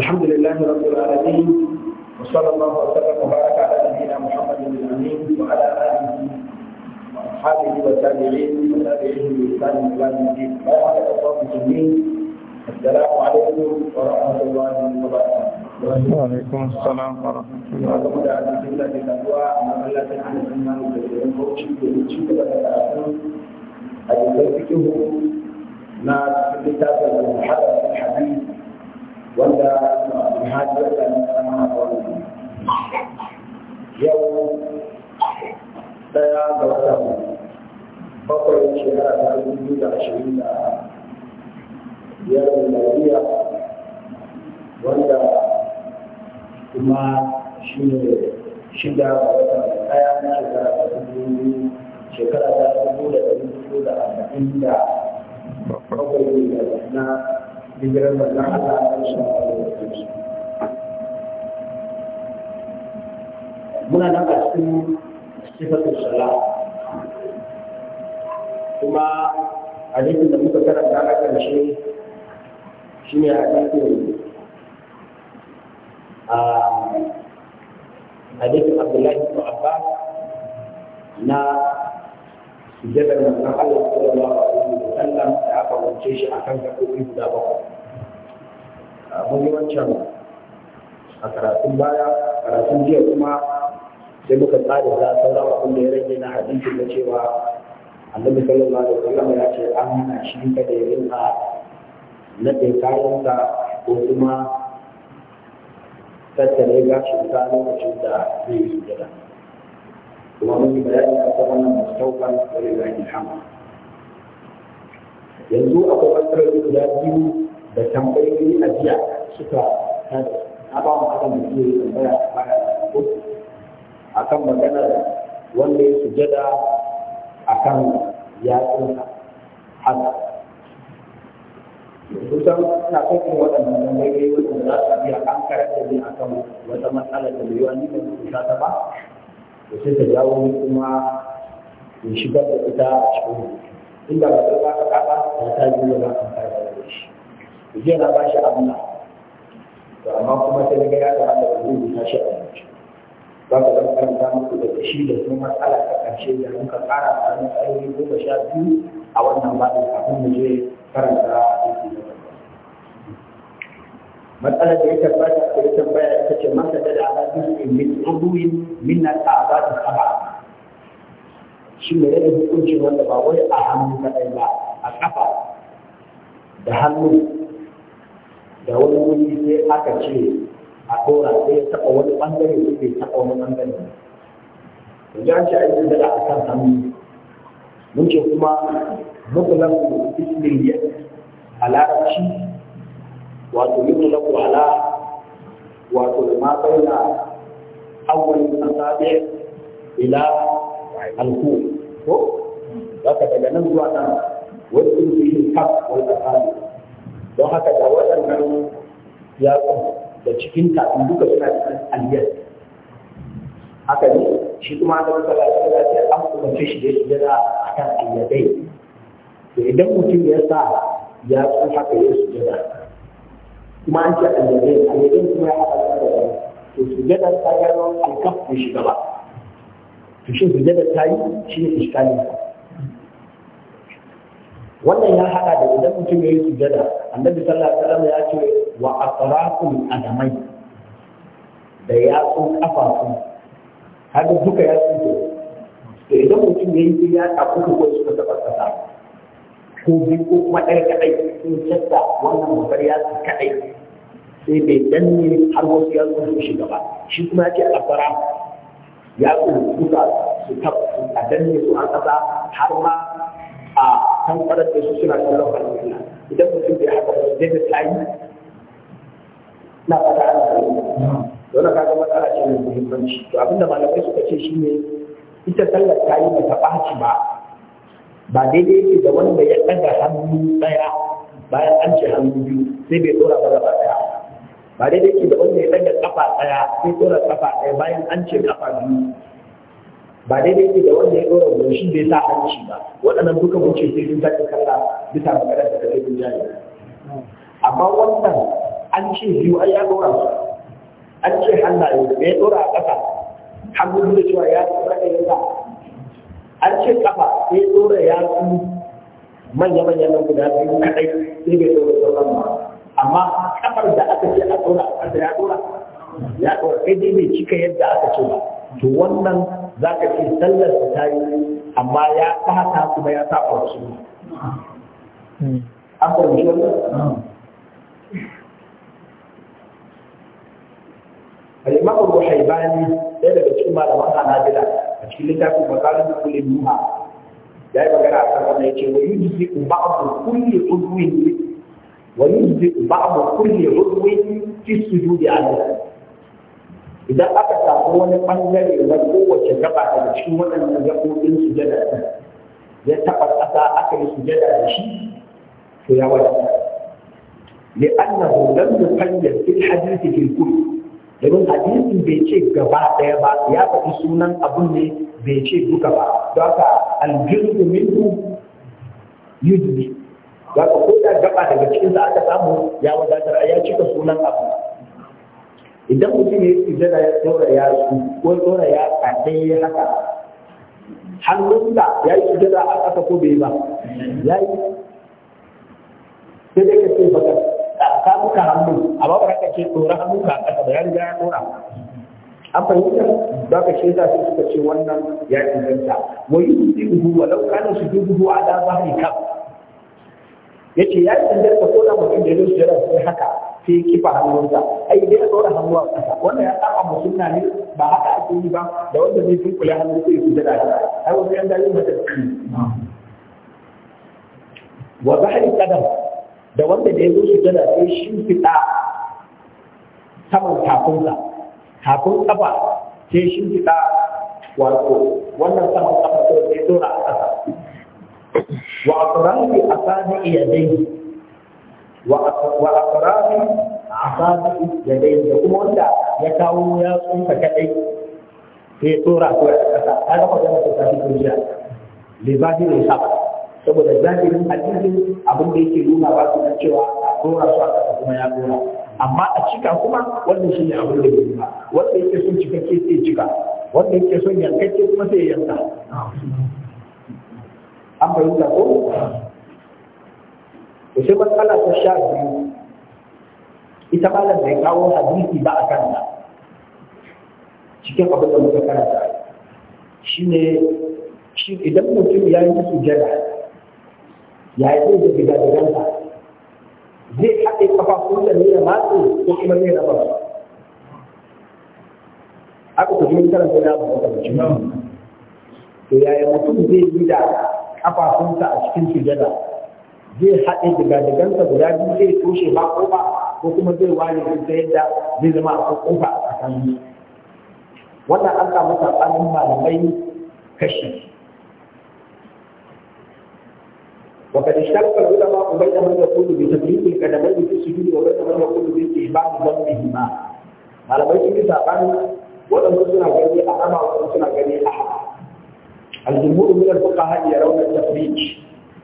الحمد لله رب العالمين وصلى الله وسلم وبارك على نبينا محمد الامين وعلى اله واصحابه والتابعين وتابعيهم باحسان الى يوم الدين يا ايها السلام عليكم ورحمه الله وبركاته وعليكم السلام ورحمة الله وبركاته. wanda alhaji ya a kama wani yau daya ga watan bakwai shekara ta dubu da ashirin da biyar da lafiya wanda kuma shi ne shida ga watan daya na shekara ta dubu shekara ta dubu da dubu da arba'in da bakwai da na hijirar manzon muna nan a cikin sifatul sala kuma hadisin da muka karanta na karshe shine hadisin a hadisin Abdullahi ko Abba na sujadar manzon Allah sallallahu alaihi wasallam da a wuce shi akan gaɓoɓi guda bakwai a mahimmancin wancan a karatun baya karatun jiya kuma sai muka tsari a sauran abin da ya rage na hadisi na cewa annabi sallallahu alaihi wasallam ya ce an hana shi ka da ya rinka kayan kayansa ko kuma tattare gashin ta lokacin da zai yi gida kuma mun yi bayani a masu wannan da wani bayani hama. yanzu akwai matsaloli guda biyu da tambayoyi a jiya suka na ba mu adam da ke tambaya a baya a kan maganar wanda ya sujada a kan yatsunsa haka kusan ina kokin waɗannan tambayoyi waɗanda za su biya an karanta ne a kan wata matsala da bai wani da kusa ta ba da sai ta jawo ni kuma in shigar da ita a cikin inda ba zai ba ka kaɗa ta ta biyu ba ka jiya na bashi Allah to amma kuma sai ga ya ga Allah da rubuta shi a rubuce za ka zan karanta muku da shi da kuma matsala ta ƙarshe da muka ƙara tsarin tsayoyi goma sha biyu a wannan baɗi kafin mu je karanta a cikin matsalar da ya tabbata da ya tambaya ita ce masa da al'adun min ubuyin min al'adun saba shi ne da hukuncin wanda ba wai a hannu kaɗai ba a ƙafa, da hannu da wani wuri sai aka ce a ɗora sai ya taɓa wani ɓangare sai bai taɓa wani ɓangare yanzu ya ce a yi daga a kan hannu mun ce kuma mutulaku ismin yadda a larabci wato mutulaku wala, wato ma baina awwal asabi ila alku ko ka daga nan zuwa nan wani ɗin su yi kaf wani asabi don haka da wannan yatsun da cikin tafin duka suna cikin aliyar haka ne shi kuma da wata lafiya da ta an umarce shi da ya sujada a kan aliyadai to idan mutum ya sa ya yatsun haka ya sujada kuma an ce aliyadai aliyadai kuma ya haɗa da wani to sujada ta gano alkaf da shi gaba to shi sujada ta yi shi ne iskalin wannan ya haɗa da idan mutum ya yi sujada annabi sallallahu alaihi wasallam ya ce wa asraqul adamai da yatsun kafafu haka duka yatsun ke to idan mutum ya yi ya kuka ko suka taba kasa ko bi ko kuma ɗaya kaɗai sun shadda wannan mutar yatsun kaɗai? sai bai danne har wasu yatsun su shiga ba shi kuma ya ce asra yatsun duka su tabbata a danne su a kasa har ma kan kwarar da su suna kallon aljanna idan mutum bai haka wasu zai ta tayi na fata ana da dole ka ga matsala ce mai muhimmanci to abinda malamai suka ce shi ne ita sallar ta yi mata ɓaci ba ba daidai yake da wanda ya ɗaga hannu ɗaya bayan an ce hannu biyu sai bai ɗora ba gaba ɗaya ba daidai yake da wanda ya ɗaga ƙafa ɗaya sai ɗora ƙafa ɗaya bayan an ce ƙafa biyu ba daidai ne da wanda ya ɗora wani shi ya sa hanci ba waɗannan duka mun ce sai sun sake kalla bisa maganar da kake bin jari amma wannan an ce biyu ai ya ɗora su an ce hannaye da ya ɗora a ƙasa hannu da cewa ya ɗora da yanka an ce ƙafa sai ya ɗora yatsu manya-manyan nan guda biyu kaɗai sai bai ɗora sauran ba amma kafar da aka ce a ɗora a ƙasa ya ɗora ya ɗauke dai bai cika yadda aka ce ba to wannan za ka ce sallar ta yi amma ya ɓata kuma ya saba wasu hmm. an fahimci wannan الإمام hmm. الوحيباني ɗaya daga cikin malaman Hanabila a cikin littafin da kulle nuna ya yi magana a kan wannan yace wa yujzi ba'du kulli udwin wa yujzi ba'du kulle udwin fi sujudi alayhi idan aka samu wani ɓangare na kowace gaba daga cikin waɗannan gaɓoɓin sujada ɗin ya taɓa ƙasa aka yi su sujada da shi to ya wadata لأنه لم يقيد في الحديث في الكل domin hadisin bai ce gaba ɗaya ba ya faɗi sunan abun ne bai ce duka ba don haka aljirgu minhu yujbi don haka ko da gaba daga cikin sa aka samu ya wadatar a ya cika sunan abu idan mutum ya yi sujada ya tsora ya su ko tsora ya kaɗai ya haka hannunsa ya yi sujada a ƙasa ko bai ba ya yi sai dai ka ce baka ka muka hannu a ba ka ce tsora hannu ka ƙasa ba ya riga ya tsora an fahimta ba ka za su suka ce wannan ya inganta wa yusibuhu wa law kana sujuduhu ala bahri kaf yace ya inganta ko da mutum da ya sujada sai haka sai kifa hannunsa ai dai ya tsora hannu a ƙasa wanda ya saba mu sunna ne ba haka ake yi ba da wanda zai tunkule hannu sai su jira shi ai wani yan dalilin mata su wa zahari kadam da wanda da ya zo su jira sai shi fita saman takunsa takun kafa sai shi fita wato wannan saman kafa sai ya tsora a ƙasa wa a tsoron bi a sani iyadai wa asrafi asabi yadai da kuma wanda ya kawo ya tsunka kadai sai ya tsora su ya kasa ta ga kwatanci ta tafi kujiya libadi ne sa saboda zahirin hadisin abin da yake nuna ba su cewa a tsora su a kasa kuma ya tsora amma a cika kuma wannan shi ne abin da ya nuna wanda yake son cikakke sai cika wanda yake son yankakke kuma sai yanka an fahimta ko to sai matsala ta sha biyu ita malam ya kawo hadisi ba a kanta cikin abin da muka karanta ne shi idan mutum ya yi sujada ya yi zai gida da ganta zai haɗe kafafun da ne da matsi ko kuma ne da ba aka kuma karanta na abu da mutum to yaya mutum zai yi da kafafunsa a cikin sujada zai haɗe daga guda biyu zai toshe ba kofa ko kuma zai ware zai ta yadda zai zama a kofa a tsakanin wannan an samu saɓanin malamai kashi وقد اشترط العلماء بين من يقول بتبريد القدمين في السجود وبين من يقول باستحباب ذنبهما malamai sun yi saɓani waɗanda suna gani a ama waɗanda suna gani a haɗa. Aljumhur min al-fuqaha raunar at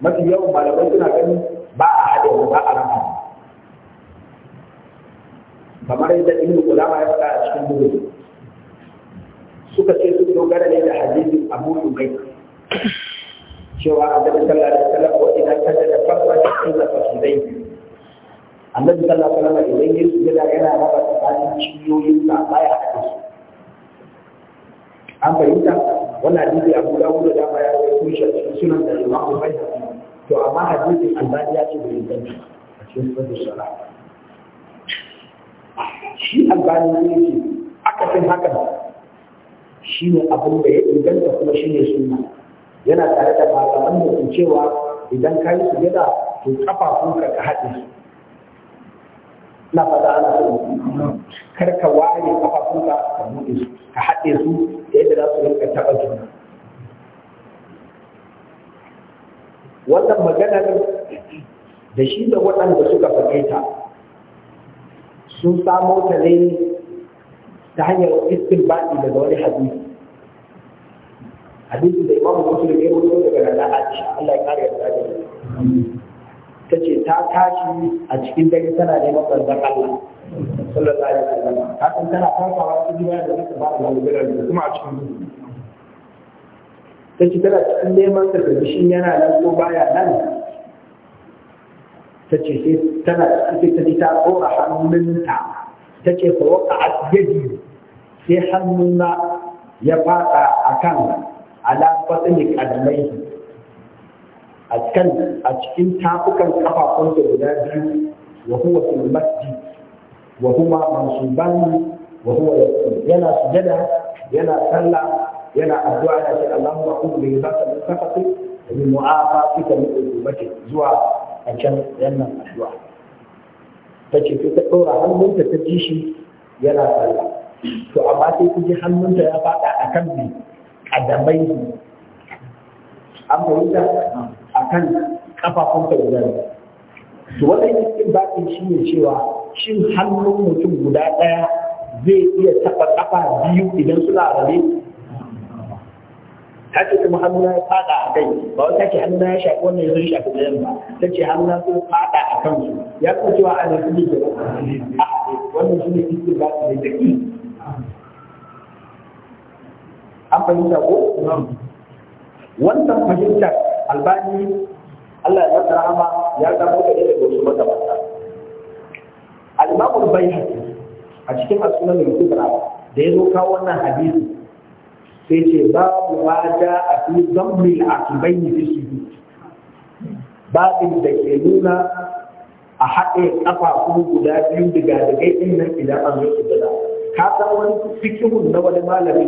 mafi yawan malamai suna ganin ba a haɗe ba a rama kamar yadda ibn ulama ya faɗa a cikin bugu suka ce su dogara ne da hadisin abu umay cewa annabi sallallahu alaihi wasallam wa idan kada da farwa da sunna fasidai annabi sallallahu alaihi wasallam idan yesu yana yana raba tsakanin ciyoyin sa baya haɗe su an fahimta wannan hadisi abu dawud da dama ya yi shi sunan da imamu bayhaqi to amma hadisin albani ya ce da inganta a cikin sunan shara shi albani ne ce akasin hakan shi ne abin da ya inganta kuma shi ne suna yana tare da malaman mutum cewa idan ka yi sujada to kafafunka ka haɗe su na faɗa ana so kar ka ware kafafunka ka ka haɗe su da yadda za su rinka taɓa juna wannan maganar da shi da waɗanda suka faɗe ta sun samo ta ne ta hanyar iskin baɗi daga wani hadisi hadisi da imamu da ya wuce daga nan Aisha Allah ya kare yarda da ta ce ta tashi a cikin dare tana neman manzon Allah sallallahu alaihi wasallam ta tana farfawa cikin bayan da suka ba da malubirar kuma a cikin ta ce tana cikin neman ta karbi yana nan ko baya nan ta ce sai tana cikin ta ji ta ɗora hannunta ta ce fa waka asgadi sai hannuna ya faɗa a kan alafatsin kalmai a cikin a cikin tafukan kafafunsa guda biyu wa huwa fil masjid wa huwa mansuban wa huwa yana sujada yana sallah yana addu'a yana ce Allahumma kun bi zaka min sakati bi mu'afafika min ubati zuwa a can yannan addu'a tace sai ta dora hannunta ta ji shi yana sallah to amma sai ku ji hannunta ya fada akan bi kadamai an fahimta akan kafafunta guda to wannan yakin bakin shi ne cewa shin hannun mutum guda daya zai iya taɓa kafa biyu idan suna rabe haka kuma hannu ya fada a kai ba wata ce hannu ya shafi wannan yanzu shafi da yamma ta ce hannuna sun fada a kan su ya kuma cewa a nan suke gaba a wannan shi ne cikin ba su da zaki an fahimta ko wannan fahimtar albani Allah ya masa rahama ya samu da daga wasu magabata al-imamu al-bayhaqi a cikin as-sunan al da ya zo kawo wannan hadisi sai ce ba babu ma ja a fi zammil akibai fi sujud babin da ke nuna a haɗe ƙafafu guda biyu daga dagai ɗin nan idan an zo sujada ka san wani fikihun na wani malami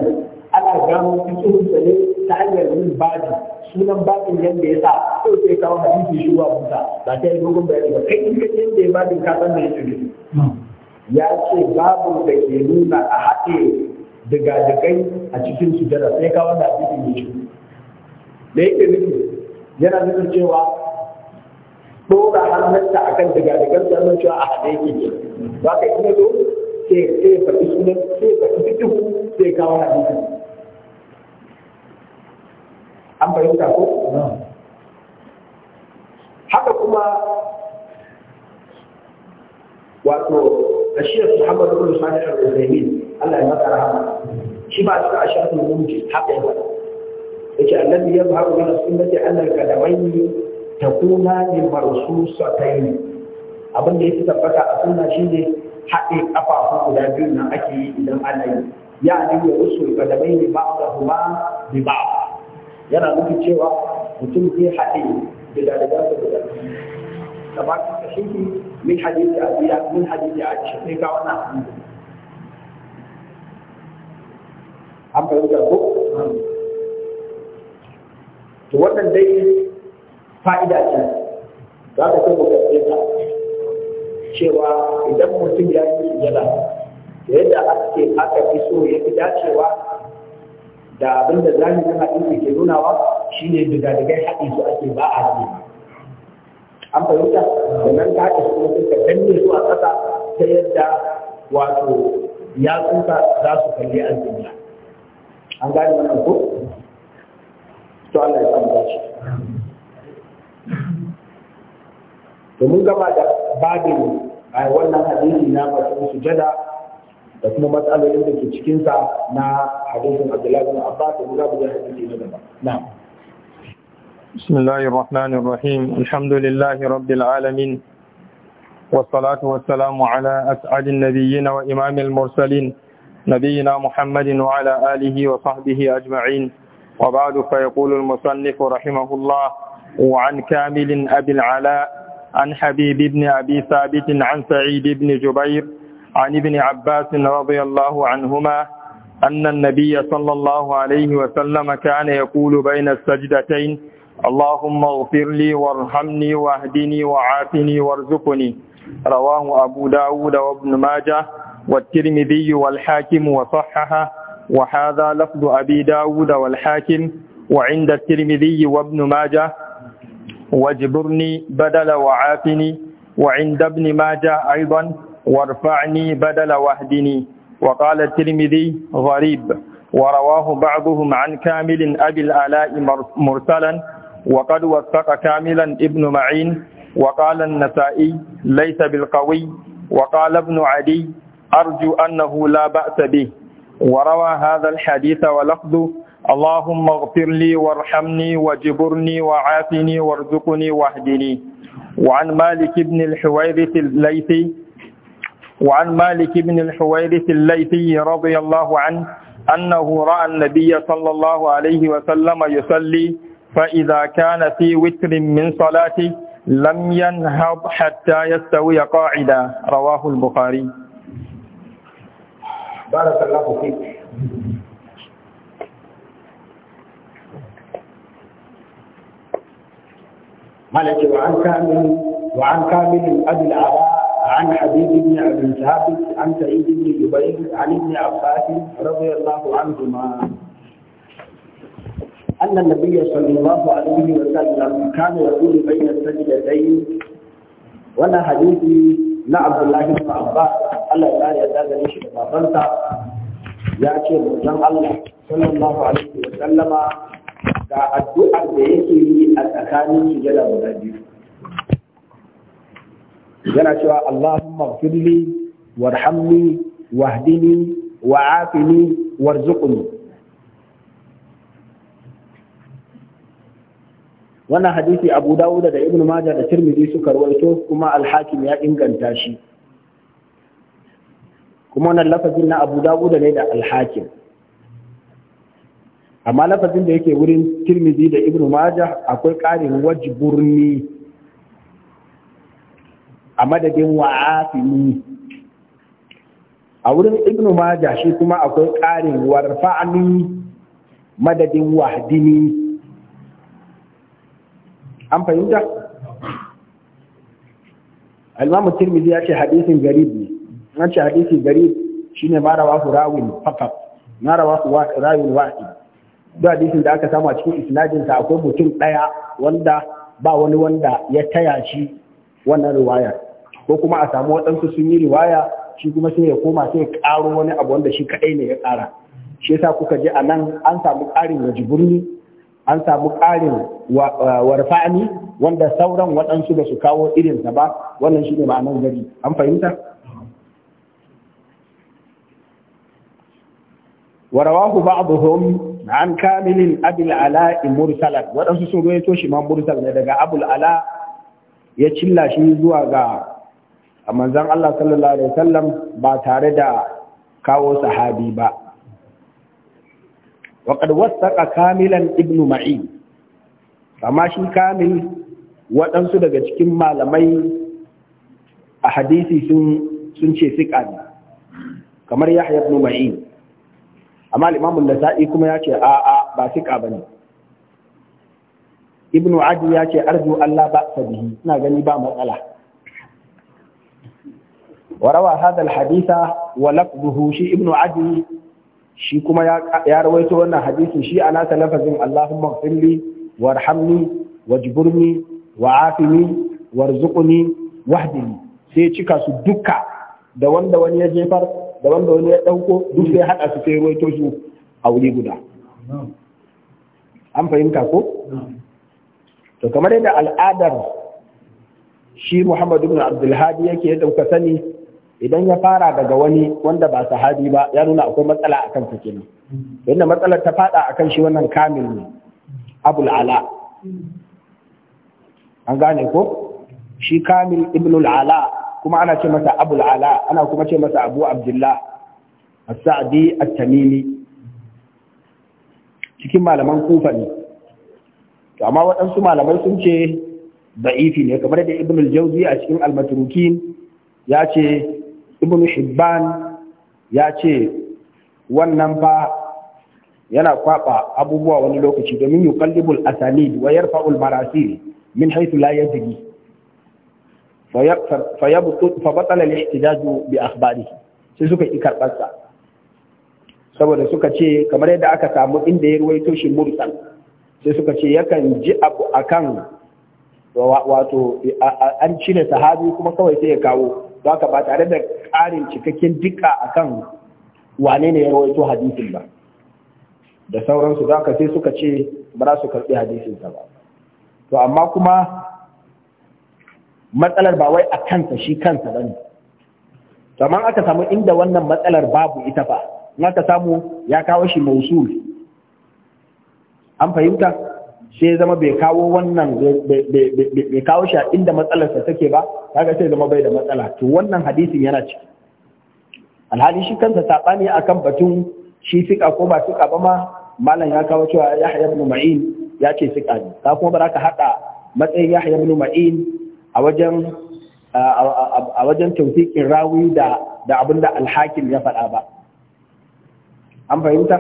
ana gano fikihun sa ne ta hanyar yin baɗi sunan baɗin yadda ya sa ko sai kawo hadisi shi wa buta ba ta yi dogon bayani ba kai in ka yadda ya baɗin ka san me hmm. ya ce ya ce babu da ke nuna a haɗe Daga digadigai a cikin sujada sai ka wanda a cikin yake da yake nufi yana nufin cewa ɗora hannunta a kan daga digadigan sannan cewa a haɗe yake ke ba ka yi zo sai sai faɗi sunan sai faɗi duk sai a hadisi an fahimta ko haka kuma wato ashiyar muhammadu Musa salih al-usaimin Allah ya masa rahama shi ba su a shafin mulki haka yawa yake annabi ya ba ku na sunnati annal kadamaini takuna lil marsusatayn abin da ya fi tabbata a sunna shine haɗe ƙafafu guda biyu nan ake yi idan ana yi ya ne ya usul kadamaini ba'dahuma bi ba yana nufin cewa mutum zai haɗe guda daga daga daga kamar kashin min hadisi abiya min hadisi aisha sai ga wannan hadisi an fahimta ko to wannan dai fa'ida ce za ka kai mutane ta cewa idan mutum ya yi sujada da yadda ake ce aka fi so ya fi dacewa da abin da zahirin hadisi ke nunawa shine digadigai haɗi su ake ba a haɗi an fahimta da nan ka haɗe su mutum ka danne su a ƙasa ta yadda wato ya yatsunka za su kalli an an gani wannan ko to Allah ya samu shi to mun gaba da babin ai eh, wannan hadisi na masu sujada da kuma matsalolin da ke cikin sa na hadisin Abdullahi bin Abbas da za mu ga hadisi na gaba na'am بسم الله الرحمن الرحيم الحمد لله رب العالمين والصلاة والسلام على أسعد النبيين وإمام المرسلين نبينا محمد وعلى آله وصحبه أجمعين وبعد فيقول المصنف رحمه الله وعن كامل أبي العلاء عن حبيب بن أبي ثابت عن سعيد بن جبير عن ابن عباس رضي الله عنهما أن النبي صلى الله عليه وسلم كان يقول بين السجدتين اللهم اغفر لي وارحمني واهدني وعافني وارزقني رواه أبو داود وابن ماجه والترمذي والحاكم وصححه وهذا لفظ أبي داود والحاكم وعند الترمذي وابن ماجه واجبرني بدل وعافني وعند ابن ماجه أيضا وارفعني بدل واهدني وقال الترمذي غريب ورواه بعضهم عن كامل أبي الآلاء مرسلا وقد وثق كاملا ابن معين وقال النسائي ليس بالقوي وقال ابن عدي أرجو أنه لا بأس به وروى هذا الحديث ولفظه اللهم اغفر لي وارحمني وجبرني وعافني وارزقني واهدني وعن مالك بن الحويرث الليثي وعن مالك بن الحويرث الليثي رضي الله عنه أنه رأى النبي صلى الله عليه وسلم يصلي فإذا كان في وتر من صلاته لم ينهض حتى يستوي قاعدا رواه البخاري بارك الله فيك مالك إيه، وعن كامل وعن كامل أبي العلاء عن حبيب بن أبي ثابت عن سعيد بن جبير عن ابن عباس رضي الله عنهما أن النبي صلى الله عليه وسلم كان يقول بين السجدتين ولا حديث na abdullahi bin abbas Allah ya kare yadda shi da babanta ya ce manzon Allah sallallahu alaihi wa sallama ga addu'ar da yake yi a tsakanin sujada guda biyu yana cewa Allahumma firli warhamni wahdini wa'afini warzuqni wannan hadisi abu dawuda da ibn majah da tirmidhi suka rawaito kuma al-hakim ya inganta shi kuma wannan lafazin na abu dawuda ne da al-hakim amma lafazin da yake wurin tirmidhi da ibn majah akwai ƙarin wajburni a madadin wa'afini a wurin ibn majah shi kuma akwai ƙarin warfa'ani madadin wahdini an fahimta al tirmidhi ya ce hadisin garib ne an ce hadisin garib shine ma rawahu rawin fakat na rawahu rawin wahid duk hadisin da aka samu a cikin isnadin ta akwai mutum ɗaya wanda ba wani wanda ya taya shi wannan riwaya ko kuma a samu waɗansu sun yi riwaya shi kuma sai ya koma sai ya ƙaro wani abu wanda shi kaɗai ne ya ƙara shi yasa kuka je a nan an samu ƙarin ya birni? an samu ƙarin uh, warfa'ani wanda sauran waɗansu da su kawo irinsa ba wannan shi ne ma'anar gari an fahimta ورواه بعضهم an kamilin أبي ala مرسلا waɗansu sun ruwaito shi ma mursal ne daga Abu Ala ya cilla shi zuwa ga manzon Allah sallallahu alaihi wasallam ba tare da kawo sahabi ba Waƙar qad kamilan ibn ma'in amma shi kamil waɗansu daga cikin malamai a hadisi sun ce fi ne kamar ya haifar ibn ma'in amma al da sa’i kuma ya ce a ƙa ba ne bane ibn adi ya ce arzu Allah ba ta biyu, ina gani ba matsala hadal hadisa wa lafzuhu shi Ibn عدي shi kuma ya rawaito wannan hadisi shi ana ta lafazin Allahumma firli warhamni wajburni wa'afini warzuqni wahdini sai cika su duka da wanda wani ya jefar da wanda wani ya dauko duk sai hada su sai rawaito su a wuri guda an fahimta ko to kamar yadda al'adar shi Muhammad ibn Abdul Hadi yake ya dauka sani idan ya fara daga wani wanda ba sahabi ba ya nuna akwai matsala a kan fikin inda matsalar ta fada a kan shi wannan kamil ne abul ala an gane ko shi kamil ibn ala kuma ana ce masa abul ala ana kuma ce masa abu abdullah as-sa'di at-tamimi cikin malaman kufa ne to amma waɗansu malamai sun ce da'ifi ne kamar da ibn al-jawzi a cikin al-matrukin ya ce ibn Hibban ya ce wannan fa yana kwaba abubuwa wani lokaci domin kallibul asanid wa yarfa'ul marasir min haythu la yadri fa yabtu ya shi al-ihtijaj bi akhbarihi sai suka yi karbarsa saboda suka ce kamar yadda aka samu inda ya ruwaito shi mursal sai suka ce yakan ji abu kan wato an cire sahabi kuma kawai sai ya kawo ba ka ba tare da ƙarin cikakken dika akan wane ne ya rawaito hadisin ba da sauransu za ka sai suka ce ba za su karɓi hadisinsa ba to amma kuma matsalar ba wai a kansa shi kansa ba ne kamar aka samu inda wannan matsalar babu ita ba in aka samu ya kawo shi mausul an fahimta sai zama bai kawo wannan bai kawo shi a inda matsalarsa take ba kaga sai zama bai da matsala to wannan hadisin yana ciki alhali shi kansa sabani akan batun shi fika ko ba fika ba ma malam ya kawo cewa Yahya ibn Ma'in ya ce fika ne ka kuma baraka hada matsayin Yahya ibn Ma'in a wajen a wajen tawfiqin rawi da da abinda alhakim ya faɗa ba an fahimta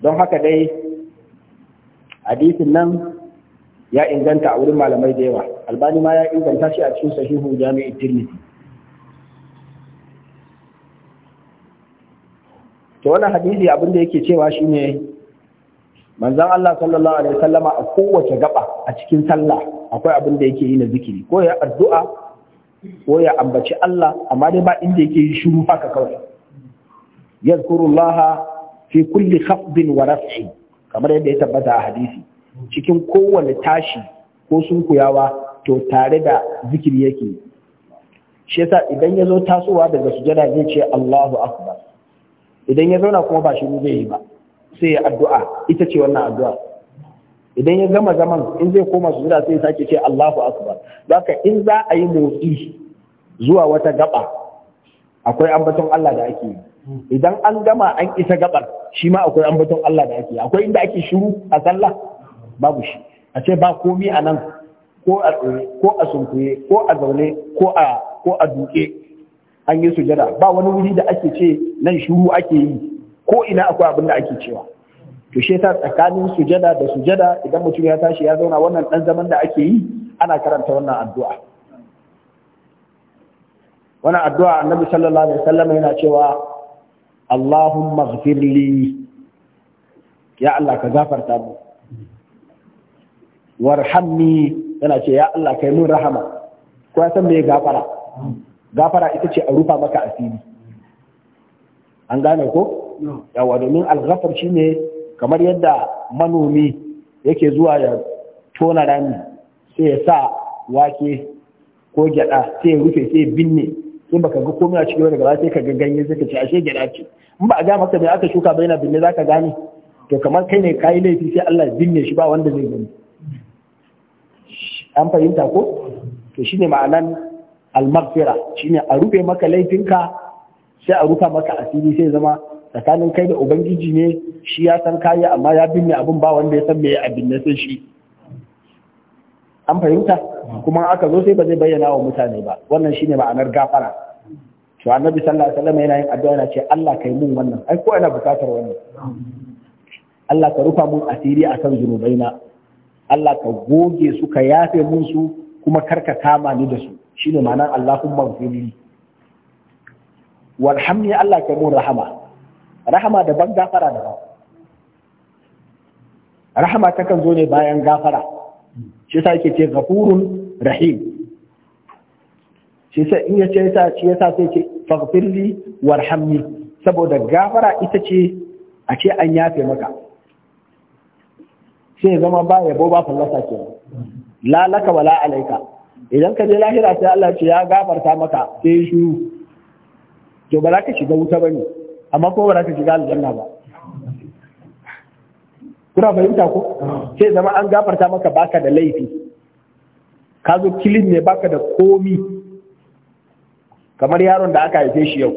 don haka dai hadisin nan ya inganta a wurin malamai da yawa albani ma ya inganta shi a cikin sahihu jami'in tirmidhi to wannan hadisi abin da yake cewa shine manzon Allah sallallahu alaihi wasallama a kowace gaba a cikin sallah akwai abin da yake yi na zikiri ko ya addu'a ko ya ambaci Allah amma dai ba inda yake yi shiru haka kawai yazkurullaha fi kulli khafdin wa raf'in kamar yadda ya tabbata a hadisi cikin kowane tashi ko sunkuyawa to tare da zikiri yake shi yasa idan ya zo tasowa daga sujada zai ce Allahu akbar idan ya zauna kuma ba ne zai yi ba sai ya addu'a ita ce wannan addu'a idan ya gama zaman in zai koma sujada sai ya sake ce Allahu akbar zaka in za a yi motsi zuwa wata gaba akwai ambaton Allah da ake yi idan an gama an isa gabar shi ma akwai ambaton Allah da ake akwai inda ake shiru a sallah babu shi a ce ba komi a nan ko a tsaye ko a sunkuye ko a zaune ko a ko a duke an yi sujada ba wani wuri da ake ce nan shiru ake yi ko ina akwai abin da ake cewa to she ta tsakanin sujada da sujada idan mutum ya tashi ya zauna wannan dan zaman da ake yi ana karanta wannan addu'a wannan addu'a annabi sallallahu alaihi wasallam yana cewa Allahumma ghfirli ya Allah ka gafarta mu warhamni yana ce ya Allah kai mun rahama ko ya san me gafara gafara ita ce a rufa maka asiri an gane ko yawa domin alghafar shine kamar yadda manomi yake zuwa ya tona rami sai ya sa wake ko gyada sai ya rufe sai ya binne in baka ga komai a cikin wani gaba sai ka ga ganye sai ka ce ashe gida ce in ba a ga maka mai aka shuka ba yana binne za ka gane to kamar kai ne yi laifi sai Allah ya binne shi ba wanda zai gani an fahimta ko to shine ma'anan al-maghfira shine a rufe maka laifinka sai a rufa maka asiri sai zama tsakanin kai da ubangiji ne shi ya san kai amma ya binne abun ba wanda ya san me ya binne sai shi an fahimta kuma aka zo sai ba zai bayyana wa mutane ba wannan shine ma'anar gafara to annabi sallallahu alaihi wasallam yana yin addu'a yana ce Allah kai mun wannan ai ko ina bukatar wannan Allah ka rufa mun asiri akan zunubaina Allah ka goge su ka yafe mun su kuma karka kama ni da su shine ma'anar Allahumma ghfirli warhamni Allah ka mun rahama rahama daban gafara daban rahama takan zo ne bayan gafara shi sa ke ce gafurun rahim shi yasa in ce yasa shi yasa sai ce faghfirli warhamni saboda gafara ita ce a ce an yafe maka sai zama ba yabo ba fallasa ke la laka wala alaika idan ka je lahira sai Allah ce ya gafarta maka sai shiru to ba za ka shiga wuta bane amma ko ba za ka shiga aljanna ba kuna fahimta ko sai zama an gafarta maka baka da laifi ka zo kilin ne baka da komi kamar yaron da aka haife shi yau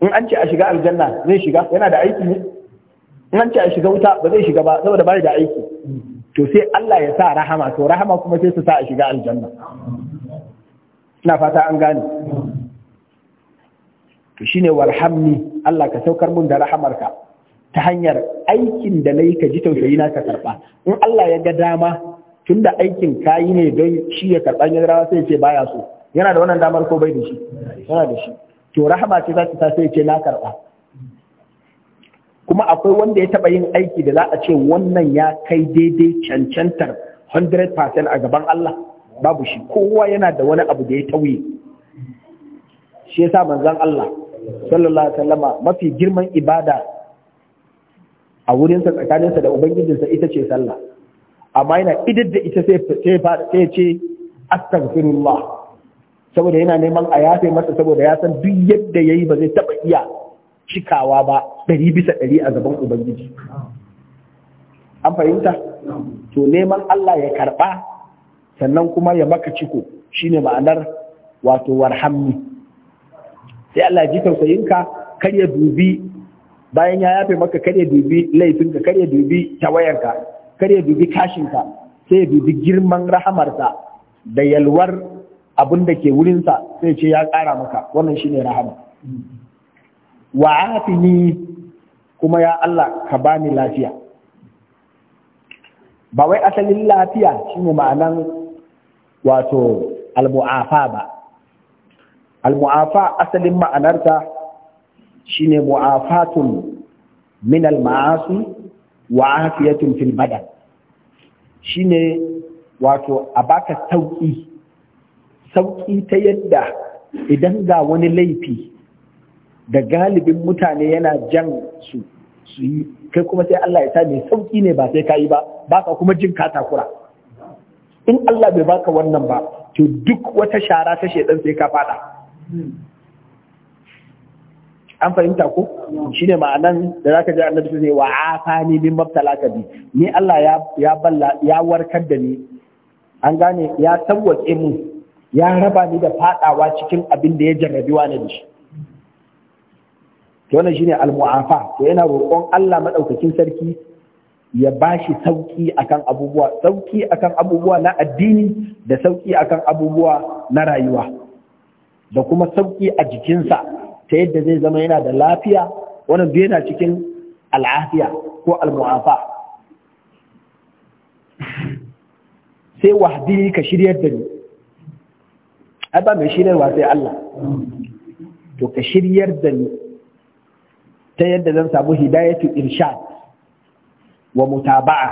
in an ce a shiga aljanna zai shiga yana da aiki ne in an ce a shiga wuta ba zai shiga ba saboda bai da aiki to sai Allah ya sa rahama to rahama kuma sai su sa a shiga aljanna ina fata an gane to shine warhamni Allah ka saukar mun da rahamarka ta hanyar aikin da na yi ka ji tausayi na ka karɓa in Allah ya ga dama tun da aikin ka yi ne don shi ya karɓa ya rawa sai ce baya so yana da wannan damar ko bai da shi yana da shi to rahama ce za ta ta sai ce na karɓa kuma akwai wanda ya taɓa yin aiki da za a ce wannan ya kai daidai cancantar 100% a gaban Allah babu shi kowa yana da wani abu da ya tauye shi yasa manzon Allah sallallahu alaihi wasallama mafi girman ibada a wurinsa tsakaninsa da ubangijinsa ita ce sallah amma yana idar da ita sai ya ce astaghfirullah saboda yana neman a yafe masa saboda ya san duk yadda yayi ba zai taba iya cikawa ba ɗari bisa ɗari a gaban ubangiji an fahimta to neman Allah ya karɓa sannan kuma ya maka ciko shine ma'anar wato warhamni sai Allah ya ji tausayinka kar ya dubi bayan ya yafe maka kare dubi laifin ka kare dubi tawayan ka kare dubi kashin ka sai dubi girman rahamarsa da yalwar abin da ke wurinsa sai ce ya ƙara maka wannan shine rahama wa afini kuma ya Allah ka bani lafiya ba wai asalin lafiya shine ma'anan wato al ba Almu'afa muafa asalin ma'anarta shine mu'afatun min al-ma'asi wa afiyatun fil badan ne wato a baka sauƙi sauki ta yadda idan ga wani laifi da galibin mutane yana jan su su yi kai kuma sai Allah ya sa mai sauki ne ba sai ka yi ba ba ka kuma jin katakura in Allah bai baka wannan ba to duk wata shara ta shedan sai ka fada an fahimta ko Shi ne ma'anan da za zaka ji annabi sai wa afani min ka bi ni Allah ya balla ya warkar da ni an gane ya tabbace mu ya raba ni da fadawa cikin abin da ya jarrabi wa na shi to wannan shine almu'afa to yana roƙon Allah madaukakin sarki ya ba shi sauki akan abubuwa sauki akan abubuwa na addini da sauki akan abubuwa na rayuwa da kuma sauki a jikinsa ta yadda zai zama yana da lafiya wani yana cikin al'afiya ko almu'afa sai wahdi ka shiryar da ni ai ba mai shiryarwa sai Allah to ka shiryar da ni ta yadda zan samu hidayatu irshad wa mutaba'a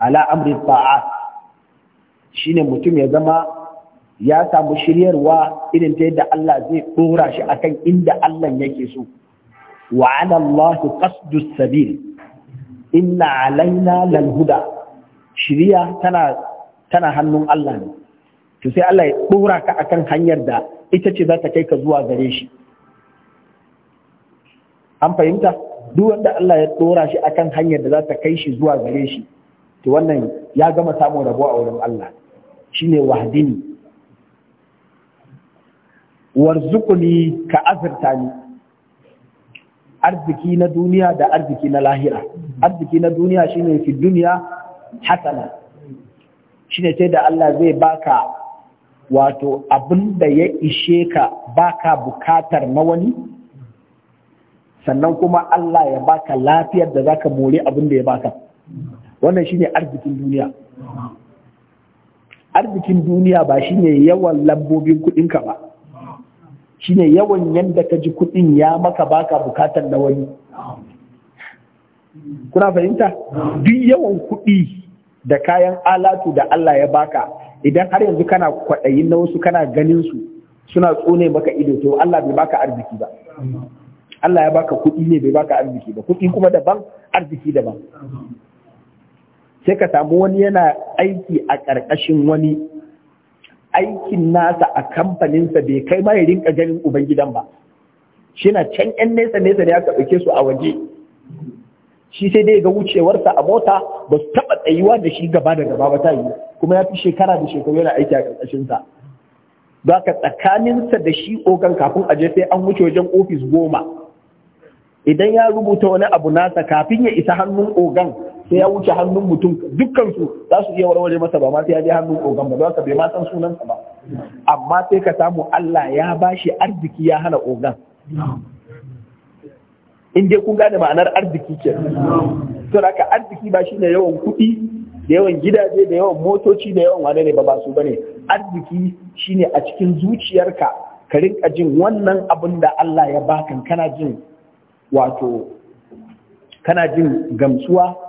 ala amri ta'at shine mutum ya zama ya samu shiryarwa irin ta yadda Allah zai dora shi akan inda Allah yake so wa ala Allah qasdu sabil inna alaina lal huda shiriya tana tana hannun Allah ne to sai Allah ya dora ka akan hanyar da ita ce za ta kai ka zuwa gare shi an fahimta duk wanda Allah ya dora shi akan hanyar da za ta kai shi zuwa gare shi to wannan ya gama samun rabo a wurin Allah shine wahdini warzukuni ka azurta ni arziki na duniya da arziki na lahira arziki na duniya shine fi duniya hasana shine sai da Allah zai baka wato abin da ya ishe ka baka bukatar na wani sannan kuma Allah ya baka lafiyar da zaka more abin da ya baka wannan shine arzikin duniya arzikin duniya ba shine yawan lambobin kuɗinka ba shine yawan yadda ka ji kuɗin ya maka baka bukatar na wani kuna fahimta duk yawan kuɗi da kayan alatu da Allah ya baka idan har yanzu kana kwaɗayin na wasu kana ganin su suna tsone maka ido to Allah bai baka arziki ba Allah ya baka kuɗi ne bai baka arziki ba kuɗi kuma daban arziki daban sai ka samu wani yana aiki a ƙarƙashin wani aikin nasa a kamfaninsa bai kai ma ya rinka ganin ubangidan ba shi na can yan nesa nesa ne aka ɗauke su a waje shi sai dai ga wucewarsa a mota ba su taɓa tsayuwa da shi gaba da gaba ba ta yi kuma ya fi shekara da shekaru yana aiki a ƙarƙashinsa ba ka tsakaninsa da shi ogan kafin a je sai an wuce wajen ofis goma idan ya rubuta wani abu nasa kafin ya isa hannun ogan sai ya wuce hannun mutum dukkan su za su iya warware masa ba ma sai ya je hannun ogan ba ka bai ma san ba amma sai ka samu Allah ya bashi arziki ya hana ogan in dai kun gane ma'anar arziki ke to haka arziki ba shine yawan kuɗi da yawan gidaje da yawan motoci da yawan wane ne ba ba su bane arziki shine a cikin zuciyarka ka rinka jin wannan abin da Allah ya baka kana jin wato kana jin gamsuwa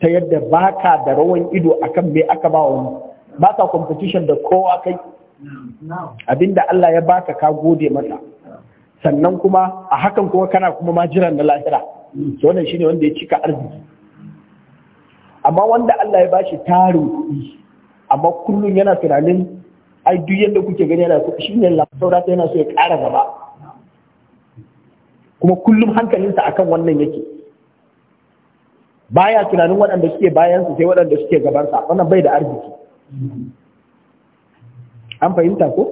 ta yadda ba ka da rawan ido akan me aka ba wani ba ka competition da kowa kai abinda Allah ya baka ka gode masa sannan kuma a hakan kuma kana kuma ma jiran na lahira so wannan shine wanda ya cika arziki amma wanda Allah ya bashi tarin kuɗi amma kullum yana tunanin ai duk yadda kuke gani yana kuɗi shine lafaura ta yana so ya kara gaba kuma kullum hankalinsa akan wannan yake baya tunanin waɗanda suke bayansu sai waɗanda suke gabansa wannan bai da arziki an fahimta ko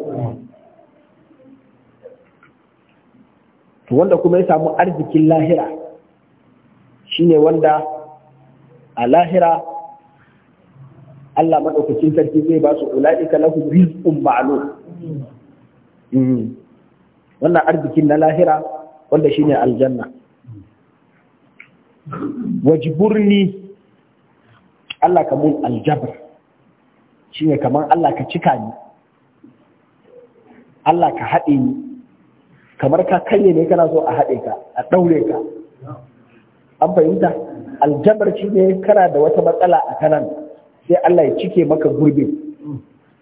to wanda kuma ya samu arzikin lahira shine wanda a lahira Allah maɗaukacin sarki zai ba su ula'ika lahu rizqun ma'lum mm-hmm. wannan arzikin na lahira wanda shine aljanna wajiburni Allah ka mun aljabar shi ne kamar Allah ka cika ni Allah ka haɗe ni kamar ka kanye ne kana so a haɗe ka a ɗaure ka an fahimta aljabar shi ne kana da wata matsala a kanan sai Allah ya cike maka gurbin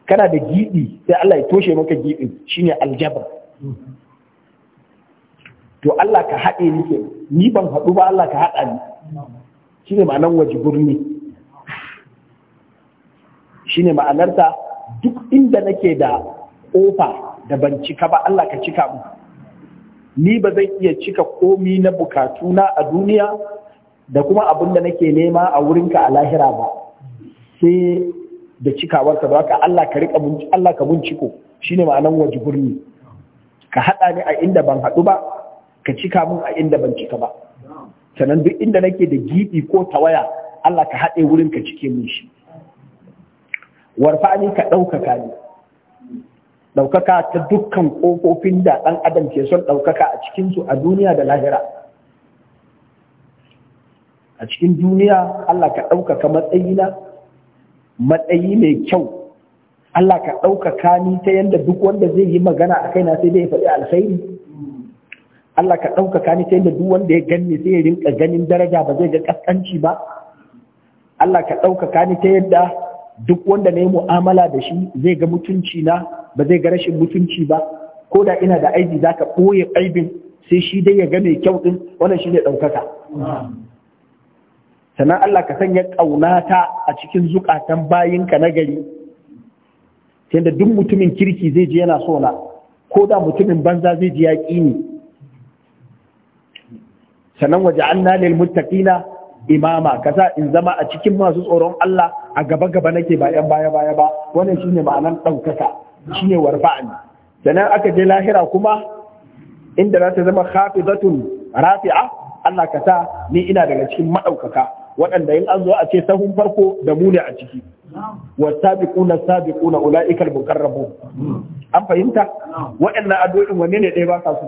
kana da giɗi sai Allah ya toshe maka giɗin shi ne aljabar to Allah ka haɗe ni ke ni ban haɗu ba Allah ka haɗa ni shi ne ma'anar waje gurni shi ne ma'anarta duk inda nake da ƙofa da ban cika ba Allah ka cika mu ni ba zan iya cika komi na bukatuna a duniya da kuma abin da nake nema a wurinka a lahira ba sai da cikawar ba ka Allah ka rika Allah ka binciko shine ma'anan wajiburni ka hada ni a inda ban hadu ba ka cika mun a inda ban cika ba sannan duk inda nake da gidi ko tawaya Allah ka haɗe wurin ka cike min shi warfani ka ɗaukaka ni ɗaukaka ta dukkan ƙofofin da ɗan adam ke son ɗaukaka a cikinsu a duniya da lahira a cikin duniya Allah ka ɗaukaka matsayina matsayi mai kyau Allah ka ɗaukaka ni ta yadda duk wanda zai yi magana a kaina sai dai faɗi alkhairi Allah ka ɗaukaka ni sai da duk wanda ya ganni sai ya rinka ganin daraja ba zai ga kaskanci ba Allah ka ɗaukaka ni ta yadda duk wanda na yi mu'amala da shi zai ga mutunci na ba zai ga rashin mutunci ba ko da ina da aibi za ka ɓoye aibin sai shi dai ya ga mai kyau ɗin wannan shi ne ɗaukaka sannan Allah ka sanya ƙaunata a cikin zukatan bayinka na gari ta yadda duk mutumin kirki zai ji yana so na ko da mutumin banza zai ji ya ƙi sannan waje anna lil imama kasa in zama a cikin masu tsoron Allah a gaba gaba nake ba yan baya baya ba wannan shine ɗaukaka, shi ne warfa'ani. sannan aka je lahira kuma inda za ta zama khafizatun rafi'a Allah ka sa ni ina daga cikin maɗaukaka. waɗanda in an zo a ce sahun farko da mu ne a ciki wasabiquna sabiquna ulaika al-muqarrabun an fahimta waɗannan addu'o'in wanne ne ɗaya ba ka su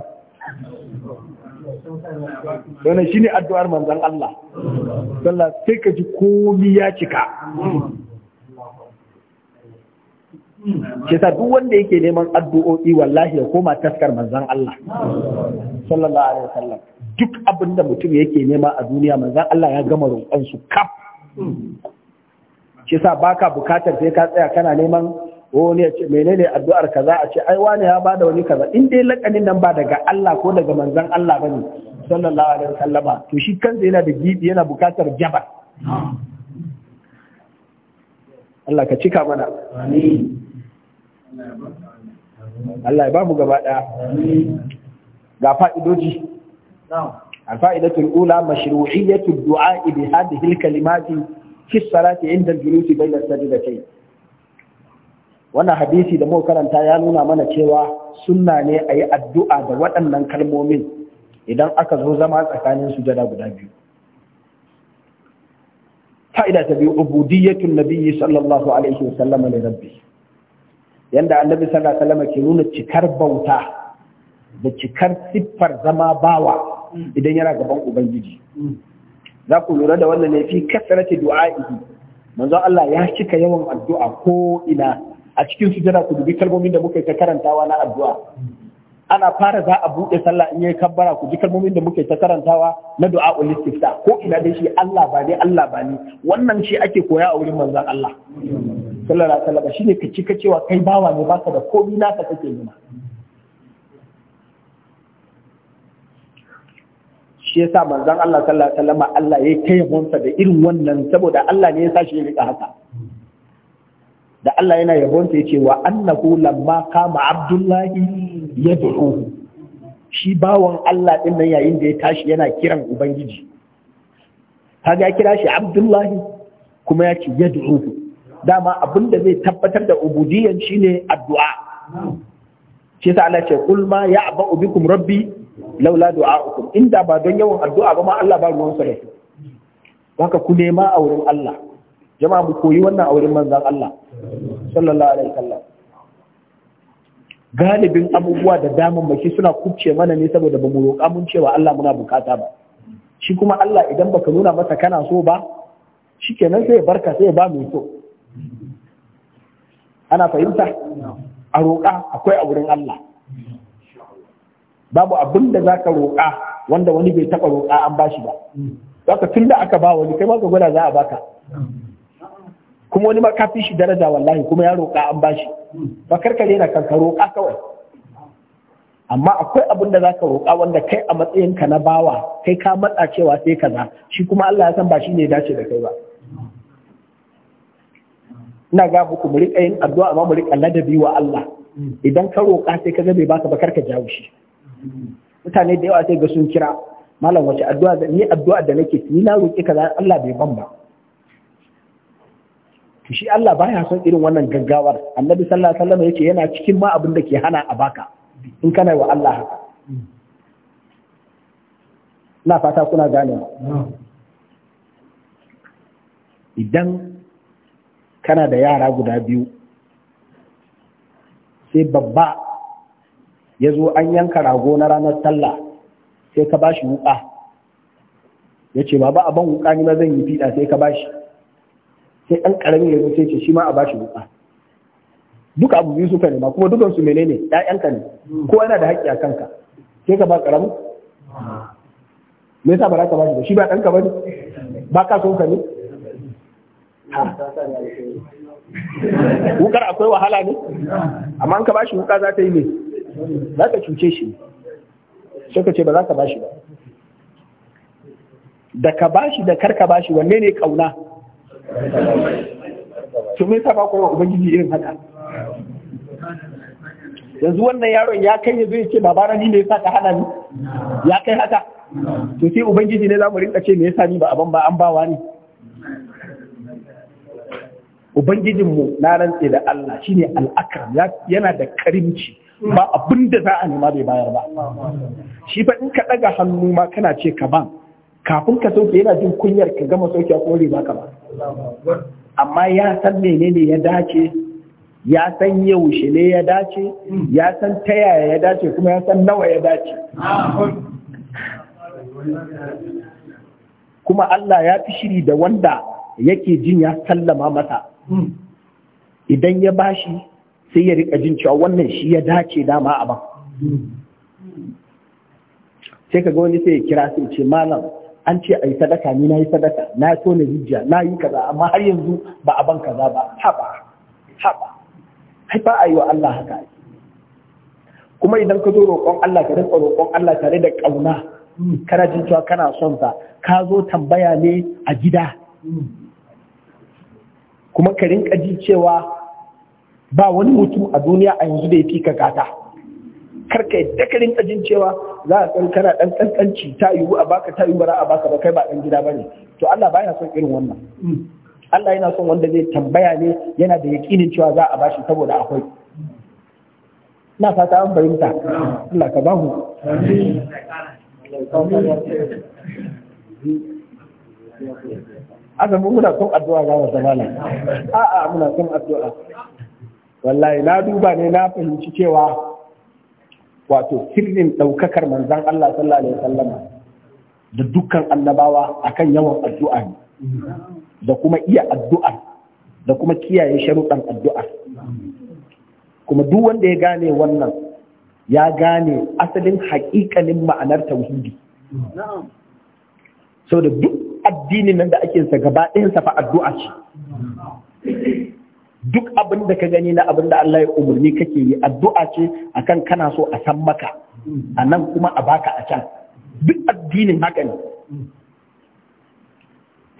wannan shine addu'ar manzon Allah sallah sai ka ji komi ya cika ke sa duk wanda yake neman addu'o'i wallahi ya koma taskar manzon Allah sallallahu alaihi wasallam duk abin da mutum yake nema a duniya manzon Allah ya gama roƙon su kaf ke sa baka bukatar sai ka tsaya kana neman ko wani ya ce menene addu'ar kaza a ce ai wani ya bada wani kaza in dai lakanin nan ba daga Allah ko daga manzon Allah bane sallallahu alaihi wasallama to shi kansa yana da gidi yana bukatar jabar Allah ka cika mana amin Allah ya ba mu gaba daya ga fa'idoji الفائدة الأولى مشروعية الدعاء بهذه salati 'inda al-julusi bayna بين sajdatayn wannan hadisi da muka karanta ya nuna mana cewa sunna ne a yi addu'a da waɗannan kalmomin idan aka zo zama tsakanin sujada guda biyu fa'ida ta biyu ubudiyyatul nabiyyi sallallahu alaihi wasallam li rabbi yanda annabi sallallahu alaihi wasallam ke nuna cikar bauta da cikar siffar zama bawa idan yana gaban ubangiji za ku lura da wannan ne fi kasarati du'a'ihi manzo Allah ya cika yawan addu'a ko ina a cikin tana ku dubi kalmomin da muka yi ta karantawa na addu'a ana fara za a buɗe sallah in yayi kabbara ku ji kalmomin da muke ta karantawa na du'a ul istifta ko ina dai shi Allah ba ne Allah ba ne wannan shi ake koya a wurin manzon Allah sallallahu alaihi wasallam shine ka ci ka cewa kai bawa ne baka da komai nasa kake yi shi yasa manzon Allah sallallahu alaihi wasallam Allah ya kai da irin wannan saboda Allah ne ya sa shi ya rika haka da Allah yana yabonta yace wa annahu lamma kama abdullahi yad'uhu shi bawon Allah ɗin nan yayin da ya tashi yana kiran ubangiji kaga ya kira shi abdullahi kuma ya ce dama abin da zai tabbatar da ubudiyan shine addu'a shi yasa Allah ce kul ma ya'ba'u bikum rabbi laula du'a'ukum inda ba don yawan addu'a ba ma Allah ba ruwan sa haka ku nema a wurin Allah jama'a mu koyi wannan a wurin manzon Allah galibin abubuwa da damar baki suna kubce mana ne saboda ba mu roƙa mun cewa Allah muna bukata ba shi kuma Allah idan baka nuna masa kana so ba shi nan sai ya barka sai ya ba mai so ana fahimta a roƙa akwai a wurin Allah babu abin da zaka roƙa wanda wani bai taɓa roƙa an bashi ba zaka tun da aka ba wani kai ma ka gwada za a baka kuma wani ma fi shi daraja wallahi kuma ya roƙa an bashi ba karka daina kanka roƙa kawai amma akwai abin da zaka roƙa wanda kai a matsayinka na bawa kai ka matsa cewa sai kaza shi kuma Allah ya san ba shi ne dace da kai ba ina ga ku mu riƙa yin addu'a amma mu riƙa ladabi wa Allah idan ka roƙa sai ka ga bai baka ba karka jawo shi mutane da yawa sai ga sun kira malam wace addu'a ni addu'a da nake ni na roƙi kaza Allah bai ban ba to shi Allah baya son irin wannan gaggawar annabi sallallahu alaihi wasallam yace yana cikin ma abin da ke hana a baka in kana wa Allah haka na fata kuna gane idan kana da yara guda biyu sai babba ya zo an yanka rago na ranar sallah sai ka bashi wuka ya ce a ban wuka ni ma zan yi fiɗa sai ka bashi sai ɗan ƙarami ya sai ce shi ma a bashi wuƙa. duka abu biyu suka nema kuma dukansu menene ƴaƴanka ne ko yana da haƙƙi a kanka sai ka ba ƙaramin me yasa ba za ka bashi ba shi ba ɗanka ba ne ba ka son ka ne wukar akwai wahala ne amma an ka bashi wuka za ta yi ne za ka cuce shi sai ka ce ba za ka bashi ba da ka bashi da karka bashi wanne ne kauna to ba ubangiji irin haka yanzu wannan yaron ya kai ya zo ya ce babana ni ne yasa ka hana ni ya kai haka to sai ubangiji ne za mu rinka ce me yasa ni ba aban ba an bawa ni ubangijinmu na rantse da Allah shine al'akram yana da karimci ba abin za a nema bai bayar ba shi fa in ka daga hannu ma kana ce ka ban kafin ka sauke yana jin kunyar ka gama sauke ko riba ka ba amma ya san menene ya dace ya san yaushe ne ya dace ya san ta yaya ya dace kuma ya san nawa ya dace kuma Allah ya fi shiri da wanda yake jin ya sallama masa idan ya bashi sai ya rika jin cewa wannan shi ya dace dama a sai ka ga wani sai ya kira sai ce malam an ce a yi sadaka ni na yi sadaka na so na rijiya na yi kaza amma har yanzu ba a ban kaza ba haɓa haɓa haifa a yi wa Allah haka kuma idan ka zo roƙon Allah ka rinka roƙon Allah tare da ƙauna hmm, kana jin cewa kana son sa ka zo tambaya ne a gida kuma ka rinka ji cewa ba wani mutum a duniya a yanzu da ya fi ka gata karka yadda ka rinka jin cewa za a san kana dan kankanci ta yiwu a baka ta yiwu bara a baka ba kai ba dan gida bane to Allah baya son irin wannan Allah yana son wanda zai tambaya ne yana da yakinin cewa za a bashi saboda akwai na fata an fahimta Allah ka ba mu azumi muna son addu'a ga wata zamanin. a'a muna son addu'a wallahi na duba ne na fahimci cewa wato sirrin ɗaukakar manzan Allah sallallahu alaihi da dukkan annabawa akan yawan addu'a ne da kuma iya addu'a da kuma kiyaye sharuɗan addu'a kuma duk wanda ya gane wannan ya gane asalin haƙiƙanin ma'anar tauhidi so da duk addinin nan da ake sa gaba ɗayansa fa addu'a ce duk abin da ka gani na abin da Allah ya umarni kake yi addu'a ce akan kana so a san maka a nan kuma a baka a can duk addinin haka ne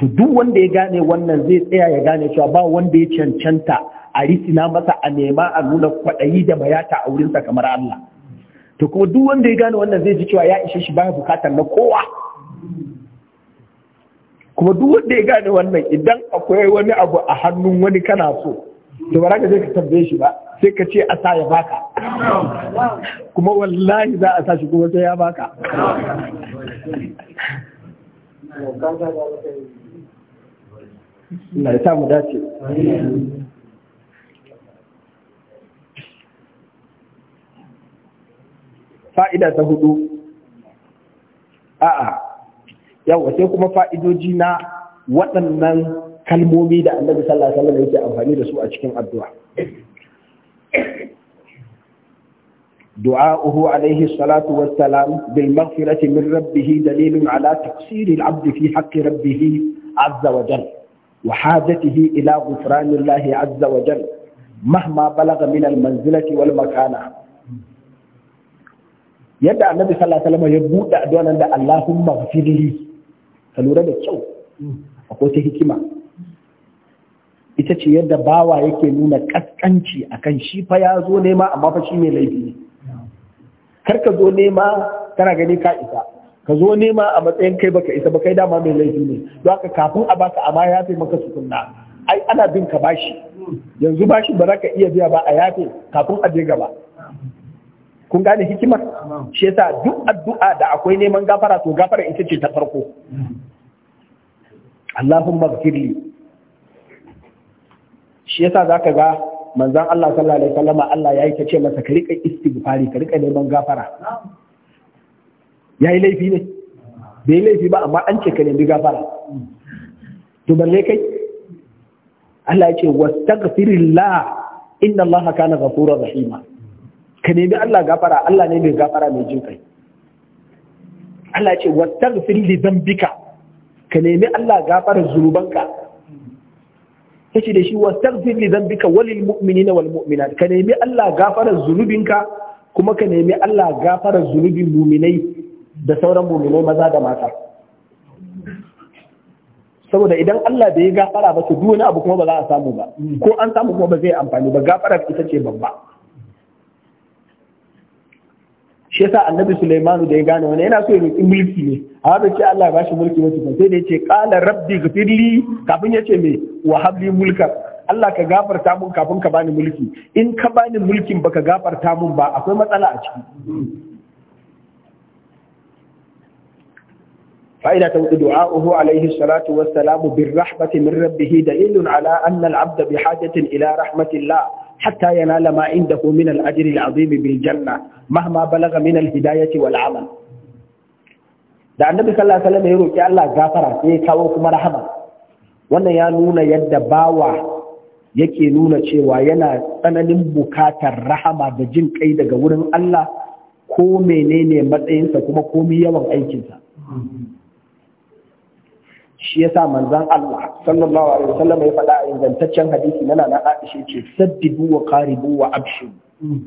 to duk wanda ya gane wannan zai tsaya ya gane cewa ba wanda ya cancanta a risina masa a nema a nuna kwaɗayi da bayata a wurinsa kamar Allah to kuma duk wanda ya gane wannan zai ji cewa ya ishe shi baya bukatar na kowa kuma duk wanda ya gane wannan idan akwai wani abu a hannun wani kana so to ba ka je ka tambaye shi ba sai ka ce a sa ya baka kuma wallahi za a sa shi kuma sai ya baka na ya samu dace fa'ida ta hudu a'a yawa sai kuma fa'idoji na waɗannan kalmomi da annabi sallallahu alaihi wasallam yake amfani da su a cikin addu'a دعاؤه عليه الصلاة والسلام بالمغفرة من ربه دليل على تقصير العبد في حق ربه عز وجل وحاجته إلى غفران الله عز وجل مهما بلغ من المنزلة والمكانة yadda annabi sallallahu alaihi wasallam ya buɗe addu'a da Allahumma ghfirli ka lura da kyau akwai ta hikima ita ce yadda bawa yake nuna kaskanci akan shi fa ya zo nema amma fa shi ne laifi ne kar ka zo nema kana gani ka isa ka zo nema a matsayin kai baka isa baka kai dama mai laifi ne don haka kafin a baka amma ya fi maka sukunna ai ana bin ka bashi yanzu bashi ba za ka iya biya ba a yafe kafin a je gaba kun gane hikimar shi yasa duk addu'a da akwai neman gafara to gafara ita ce ta farko Allahumma gfirli shi yasa ka ga manzan Allah sallallahu alaihi wasallama Allah yi ta ce masa ka riƙa istighfari ka riƙa neman gafara Ya yi laifi ne bai laifi ba amma an ce ka nemi gafara to balle kai Allah ya ce wastaghfirillah inna Allah kana ghafurur hima. ka nemi Allah gafara Allah ne mai gafara mai jin kai Allah ya ce wastaghfir li dhanbika ka nemi Allah gafara zunubanka yace da shi wastaghfir li dhanbika lil mu'minina wal mu'minat ka nemi Allah gafarar zunubinka kuma ka nemi Allah gafarar zunubin muminai da sauran muminai maza da mata saboda idan Allah bai gafara ba to duk wani abu kuma ba za a samu ba ko an samu kuma ba zai amfani ba gafarar ita ce babba shi yasa annabi Sulaiman da ya gane wani yana so ya roki mulki ne a bai ce Allah ya bashi mulki ba sai da ya ce qala rabbi ghfirli kafin ya ce me wa habli Allah ka gafarta mun kafin ka bani mulki in ka bani mulkin baka gafarta mun ba akwai matsala a ciki فإذا تود دعاؤه عليه الصلاة والسلام بالرحمة من ربه دليل على أن العبد بحاجة إلى رحمة الله hatta yanala ma indahu min al-ajri al-azim bil mahma balaga min hidayati da annabi sallallahu alaihi wasallam ya roki Allah gafara sai ya kawo kuma rahama wannan ya nuna yadda bawa yake nuna cewa yana tsananin bukatar rahama da jin kai daga wurin Allah ko menene matsayinsa kuma komi yawan aikinsa. shi yasa manzon Allah sallallahu alaihi wasallam ya faɗa a ingantaccen hadisi na nana Aisha ce saddidu wa qaribu wa abshiru mm.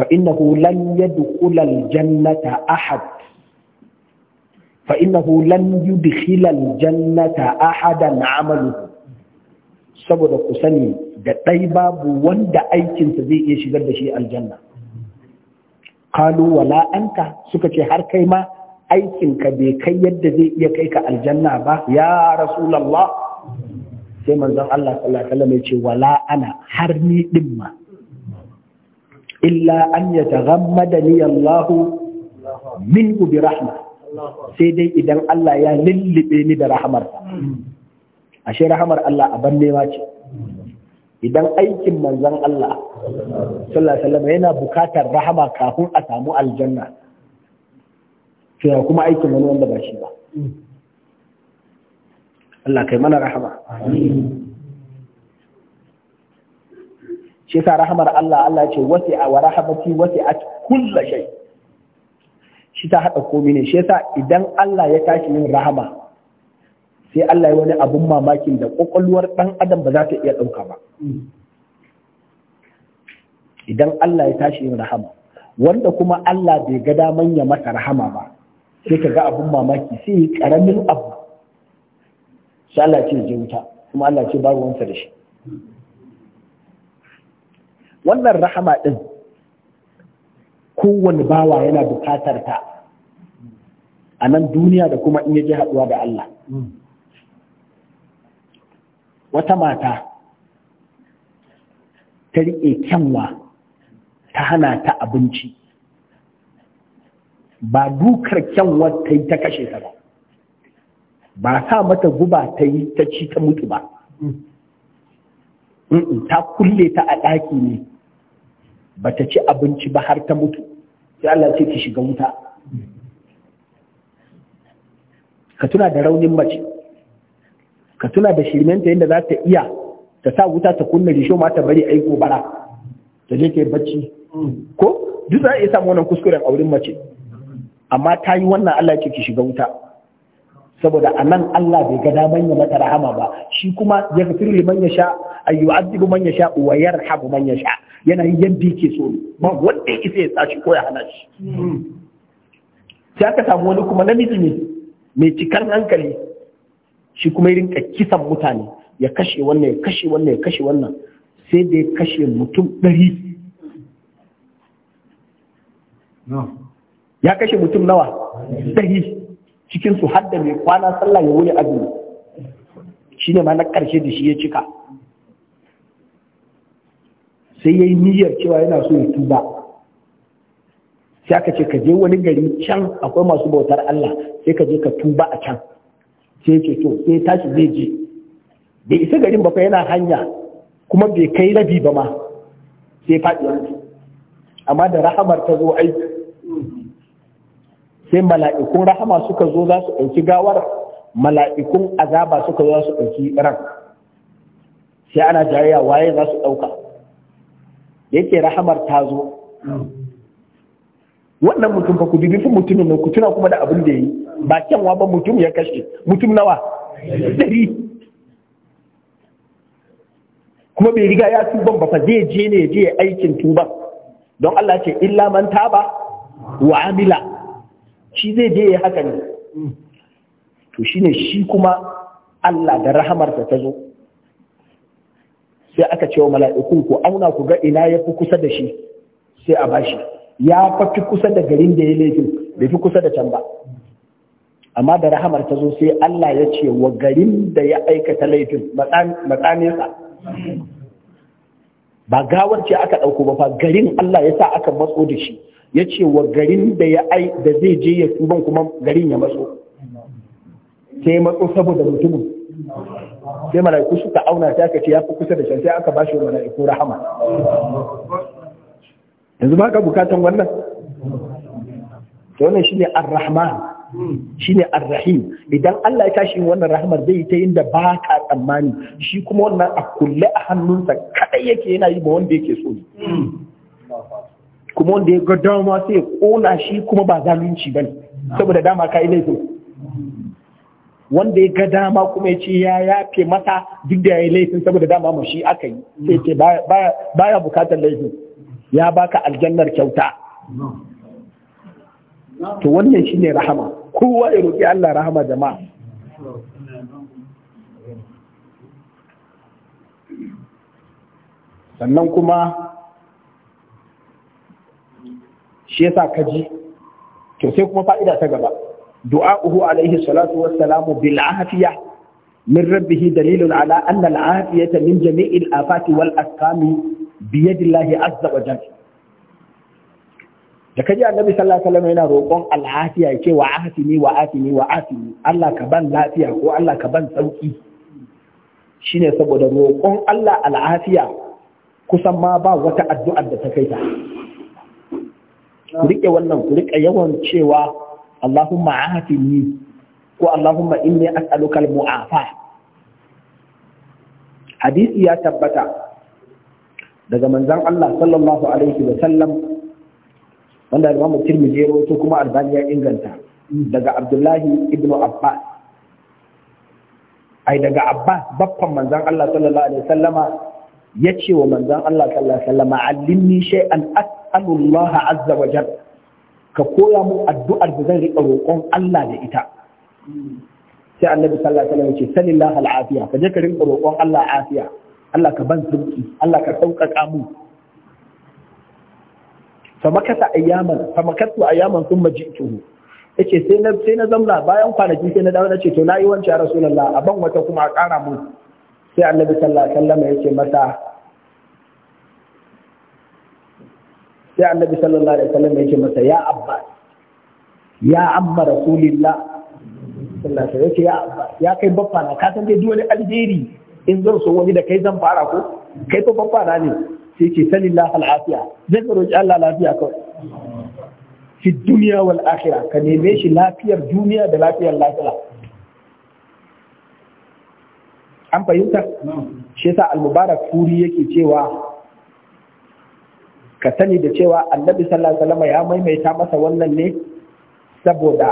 fa innahu lan yadkhula jannata ahad fa innahu lan yudkhila al-jannata ahadan amaluhu saboda ku sani da ɗai babu wanda aikinsa zai iya shigar da shi aljanna qalu wala suka ce har kai ma aikinka bai kai yadda zai iya kai ka aljanna ba ya rasulallah sai manzon Allah sallallahu alaihi ya ce wala ana har ni din ma illa an yataghammadani Allah min bi rahma sai dai idan Allah ya lullube ni da rahamarsa ashe rahmar Allah a nema ce idan aikin manzon Allah sallallahu alaihi yana bukatar rahama kafin a samu aljanna to ya kuma aikin wani wanda ba shi ba Allah kai mana rahama shi sa rahamar Allah Allah ce wasi a wa rahamati wasi a kulla shai. shi ta haɗa komai ne shi sa idan Allah ya tashi yin rahama sai Allah ya wani abun mamakin da ƙwaƙwalwar ɗan adam ba za ta iya ɗauka ba idan Allah ya tashi yin rahama wanda kuma Allah bai ga daman ya masa rahama ba sai ka ga abun mamaki sai karamin abu sai Allah ce je wuta kuma Allah ce babu ruwansa da shi wannan rahama din kowane bawa yana bukatar ta a nan duniya da kuma in yaje haɗuwa da Allah wata mata ta riƙe kyanwa ta hana ta abinci ba dukar kyanwar ta yi ta kashe ta ba ba sa mata guba ta yi ta ci ta mutu ba ta kulle ta a ɗaki ne ba ta ci abinci ba har ta mutu sai Allah ce ki shiga wuta ka tuna da raunin mace ka tuna da shirmenta yadda za ta iya ta sa wuta ta kunna risho ma ta bari aiko bara ta je ke bacci mm. ko duk za a iya samu wannan kuskuren auren mace amma ta yi wannan Allah ce ki shiga wuta saboda a nan Allah bai ga daman ya mata rahama ba shi kuma ya gafiru liman ya sha yi wa man ya sha wa 'yar man ya sha yana yin yadda yake so ba wanda yake sai ya tsashi ko ya hana shi sai aka samu wani kuma namiji ne mai cikar hankali shi kuma irin rinka kisan mutane ya kashe wannan ya kashe wannan ya kashe wannan sai da ya kashe mutum ɗari ya kashe mutum nawa ɗari cikin su hadda mai kwana sallah ya wuni azumi shi ne ma na ƙarshe da shi ya cika sai ya yi niyyar cewa yana so ya tuba sai aka ce ka je wani gari can akwai masu bautar Allah sai ka je ka tuba a can sai ce to sai tashi zai je bai isa garin ba fa yana hanya kuma bai kai rabi ba ma sai faɗi amma da rahamar ta zo aiki sai mala'ikun rahama suka zo za su ɗauki gawar mala'ikun azaba suka zo za su ɗauki ran sai ana jayayya waye za su ɗauka yake rahamar ta zo wannan mutum ba ku fi mutumin nan ku tuna kuma da abin da yi ba kyanwa ba mutum ya kashe mutum nawa dari kuma bai riga ya tuban ba fa zai je ne je aikin tuban don Allah ce illa man taba wa amila shi zai je ya haka ne to shine shi kuma Allah da rahamarsa ta zo sai aka ce wa mala'iku ku auna ku ga ina ya fi kusa da shi sai a bashi ya fafi kusa da garin da ya laifin bai fi kusa da can ba amma da rahamar ta zo sai Allah ya ce wa garin da ya aikata laifin matsanesa ba gawar ce aka ɗauko ba fa garin Allah ya sa aka matso da shi ya ce wa garin da ya ai da zai je ya tuban kuma garin ya matso sai ya matso saboda mutumin sai mala'iku suka auna ta ka ce ya fi kusa da shan sai aka bashi wa mala'iku rahama yanzu ba ka bukatan wannan to wannan shine ar-rahman shine ar-rahim idan Allah ya tashi wannan rahmar zai ta yin da ba ka tsammani shi kuma wannan a kulle a hannunsa kadai yake yana yi ba wanda yake so ne kuma wanda ya ga dama sai ya kona shi kuma ba zalunci ba ne saboda dama ka laifin wanda ya ga dama kuma ya ce ya yafe masa duk da ya yi laifin saboda dama mashi aka yi sai ce baya bukatar laifin ya baka aljannar kyauta to wannan shine rahama kowa ya roƙi Allah rahama jama'a sannan kuma shi yasa ka ji to sai kuma fa'ida ta gaba du'a'uhu alaihi salatu wassalamu bil afiya min rabbihi dalilun ala anna al afiyata min jami'il afati wal asqami bi yadillahi azza wa jalla da kaji annabi sallallahu alaihi wasallam yana roƙon al afiya yake wa afini wa afini wa afini Allah ka ban lafiya ko Allah ka ban sauki shine saboda roƙon Allah al afiya kusan ma ba wata addu'ar da ta kai ta ku riƙe wannan ku rike yawan cewa Allahumma aafini ko Allahumma inni as'aluka al-mu'afa hadisi ya tabbata daga manzon Allah sallallahu alaihi wa sallam wanda Imam Tirmidhi ya rawaito kuma Albani ya inganta daga Abdullahi ibn Abbas ai daga Abbas baffan manzon Allah sallallahu alaihi wa sallama ya ce wa manzan Allah sallallahu alaihi wasallam allimni shay'an as'alullah azza wa jal ka koya mu addu'ar da zan riƙa roƙon Allah da ita sai annabi sallallahu alaihi wasallam ya ce sallallahu al'afiya ka je ka riƙa roƙon Allah afiya Allah ka ban sauki Allah ka sauƙaƙa mu famakasa ayyaman famakasu ayyaman sun majituhu yace sai sai na zamna bayan kwanaki sai na dawo na ce to na yi wancan rasulallah, a ban wata kuma a ƙara mun sai annabi sallallahu alaihi wasallam yake mata sai annabi sallallahu alaihi wasallam yake masa ya abba ya abba rasulillah sallallahu alaihi wasallam ya abba ya kai baffa na ka san dai duk wani aljeri in zan so wani da kai zan fara ko kai fa baffa na ne sai ce salillah al'afiya zai ka roki Allah lafiya kawai fi duniya wal akhirah ka neme shi lafiyar duniya da lafiyar lafiya an fahimta shi yasa al-mubarak furi yake cewa ka sani da cewa annabi sallallahu alaihi wasallam ya maimaita masa wannan ne saboda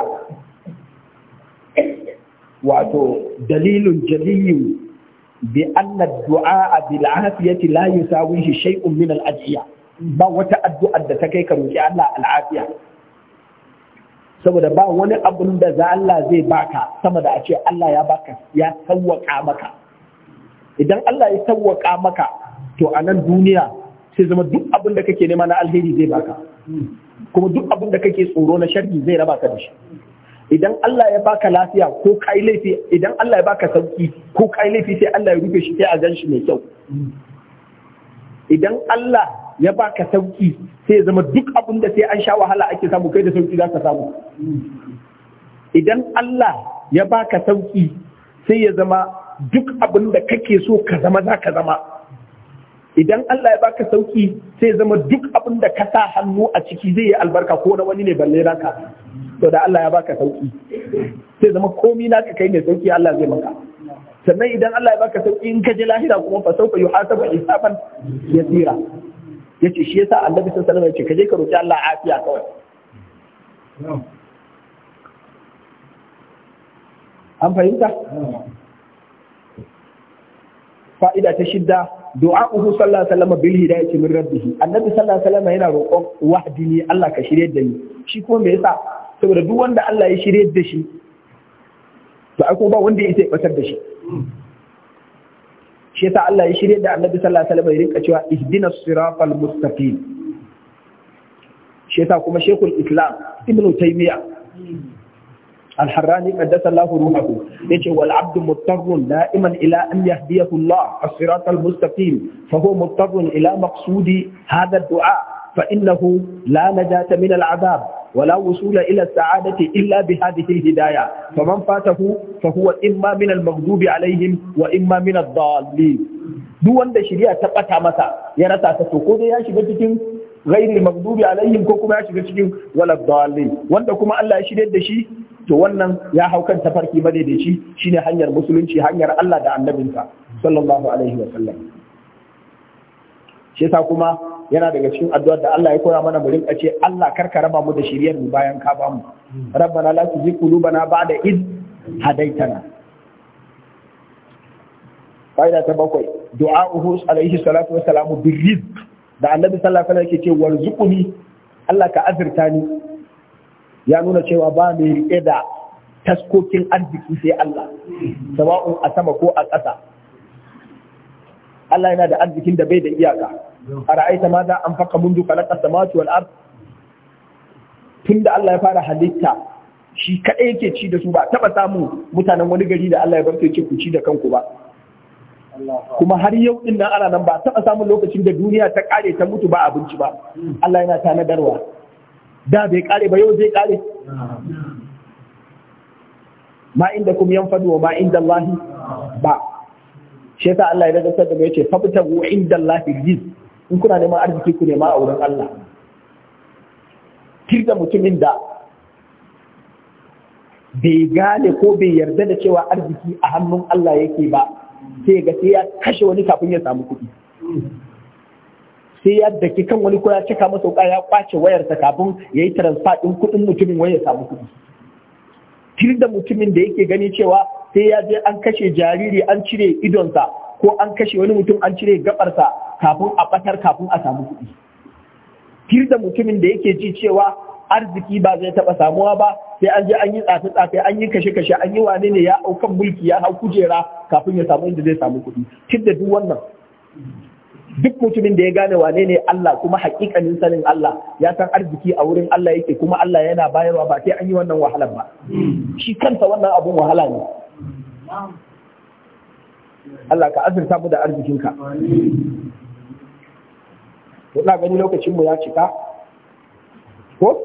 wato dalilun jaliyun bi anna du'a bil afiyati la yusawihi shay'un min al ajiya. ba wata addu'ar da ta kai ka roki Allah al-afiya saboda ba wani abun da za Allah zai baka sama da a ce Allah ya baka ya sawwaka maka idan Allah ya sawwaka maka to a nan duniya sai zama duk abin da kake nema na alheri zai baka kuma duk abin da kake tsoro na sharri zai raba ka da shi idan Allah ya baka lafiya ko kai laifi idan Allah ya baka sauki ko kai laifi sai Allah ya rufe shi sai a gan shi mai kyau idan Allah ya baka sauki sai zama duk abin da sai an sha wahala ake samu kai da sauki za ka samu idan Allah ya baka sauki sai ya zama duk abin da kake so ka zama za ka zama idan Allah ya baka sauki sai zama duk abin da ka sa hannu a ciki zai yi albarka ko na wani ne balle naka to da Allah ya baka sauki sai zama komi naka kai ne sauki Allah zai maka sannan idan Allah ya baka sauki in ka je lahira kuma fa sauka yuhasabu hisaban yasira yace shi yasa Annabi sallallahu alaihi wasallam yace ka je ka roki Allah afiya kawai an fahimta fa'ida ta shidda du'a'uhu sallallahu alaihi wasallam bil hidayati min rabbih annabi sallallahu alaihi wasallam yana roƙon wahdi ne Allah ka shirye da ni shi kuma me yasa saboda duk wanda Allah ya shirye da shi to ai ba wanda ya isa ya batar da shi shi yasa Allah ya shirye da annabi sallallahu alaihi wasallam ya rinka cewa ihdinas siratal mustaqim shi yasa kuma shekul islam ibnu taymiya الحراني قدس الله روحه يجي والعبد مضطر دائما إلى أن يهديه الله الصراط المستقيم فهو مضطر إلى مقصود هذا الدعاء فإنه لا نجاة من العذاب ولا وصول إلى السعادة إلا بهذه الهداية فمن فاته فهو إما من المغضوب عليهم وإما من الضالين دون wanda تقطع مسا ɓata masa يا rasa ta to ko dai ya shiga ولا الضالين maghdubi alaihim ko kuma ya to wannan ya hau kan tafarki madaidaici shine hanyar musulunci hanyar Allah da annabinsa sallallahu alaihi wa sallam shi yasa kuma yana daga cikin addu'ar da Allah ya koya mana mu rinka ce Allah karka raba mu da shiriyar mu bayan ka bamu rabbana la tuzigh qulubana ba'da id hadaitana fa'ida ta bakwai du'a'uhu alaihi salatu wa salamu birrizq da annabi sallallahu alaihi sallam yake ce warzuquni Allah ka azurta ni ya nuna cewa ba mu riƙe da taskokin arziki sai Allah sawa'un a sama ko a ƙasa Allah yana da arzikin da bai da iyaka a ra'aita ma za an faka mundu khalaqa samawati wal ard tunda Allah ya fara halitta shi kaɗai yake ci da su ba taɓa samun mutanen wani gari da Allah ya bar ce ku ci da kanku ba kuma har yau din nan ana nan ba taɓa samun lokacin da duniya ta ƙare ta mutu ba abinci ba Allah yana tanadarwa da bai kare ba yau zai kare ma inda kuma yan faduwa ma inda Allah ba shi ta Allah ya daga sadda mai ce fafita wa inda Allahi riz in kuna neman arziki ku nema a wurin Allah kirga mutumin da bai gane ko bai yarda da cewa arziki a hannun Allah yake ba sai ga sai ya kashe wani kafin ya samu kuɗi sai ya daki kan wani kura cika masa wuka ya kwace wayarsa kafin ya yi transfer ɗin kuɗin mutumin wani ya samu kuɗi tun da mutumin da yake gani cewa sai ya je an kashe jariri an cire idonsa ko an kashe wani mutum an cire gabarsa kafin a ɓatar kafin a samu kuɗi tun da mutumin da yake ji cewa arziki ba zai taɓa samuwa ba sai an je an yi tsafe-tsafe an yi kashe-kashe an yi wane ne ya aukan mulki ya hau kujera kafin ya samu inda zai samu kuɗi tun da duk wannan duk mutumin da ya gane wane ne Allah kuma hakikanin sanin Allah ya san arziki a wurin Allah yake kuma Allah yana bayarwa ba sai an yi wannan wahalar ba shi kansa wannan abun wahala ne Allah ka azurta mu da arzikinka to ina gani lokacin mu ya cika ko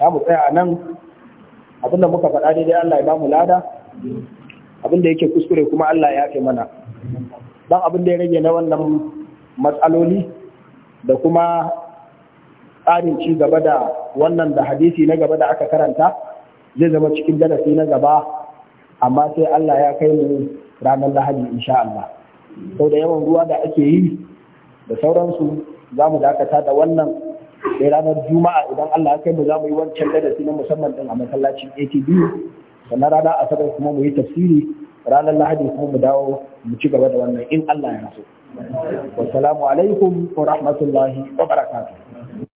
ta mu tsaya nan Abin da muka faɗa daidai Allah ya ba mu lada da yake kuskure kuma Allah ya kai mana dan abin da ya rage na wannan matsaloli da kuma tsarin ci gaba da wannan da hadisi na gaba da aka karanta zai zama cikin darasi na gaba amma sai Allah ya kai mu ranar Lahadi insha Allah sau da yawan ruwa da ake yi da sauransu za mu dakata da wannan sai ranar juma'a idan Allah ya kai mu za mu yi wancan darasi na musamman din a masallacin ATB sannan ranar asabar kuma mu yi tafsiri ranar lahadi kuma mu dawo mu ci gaba da wannan in Allah ya so wassalamu alaikum wa rahmatullahi wa barakatuh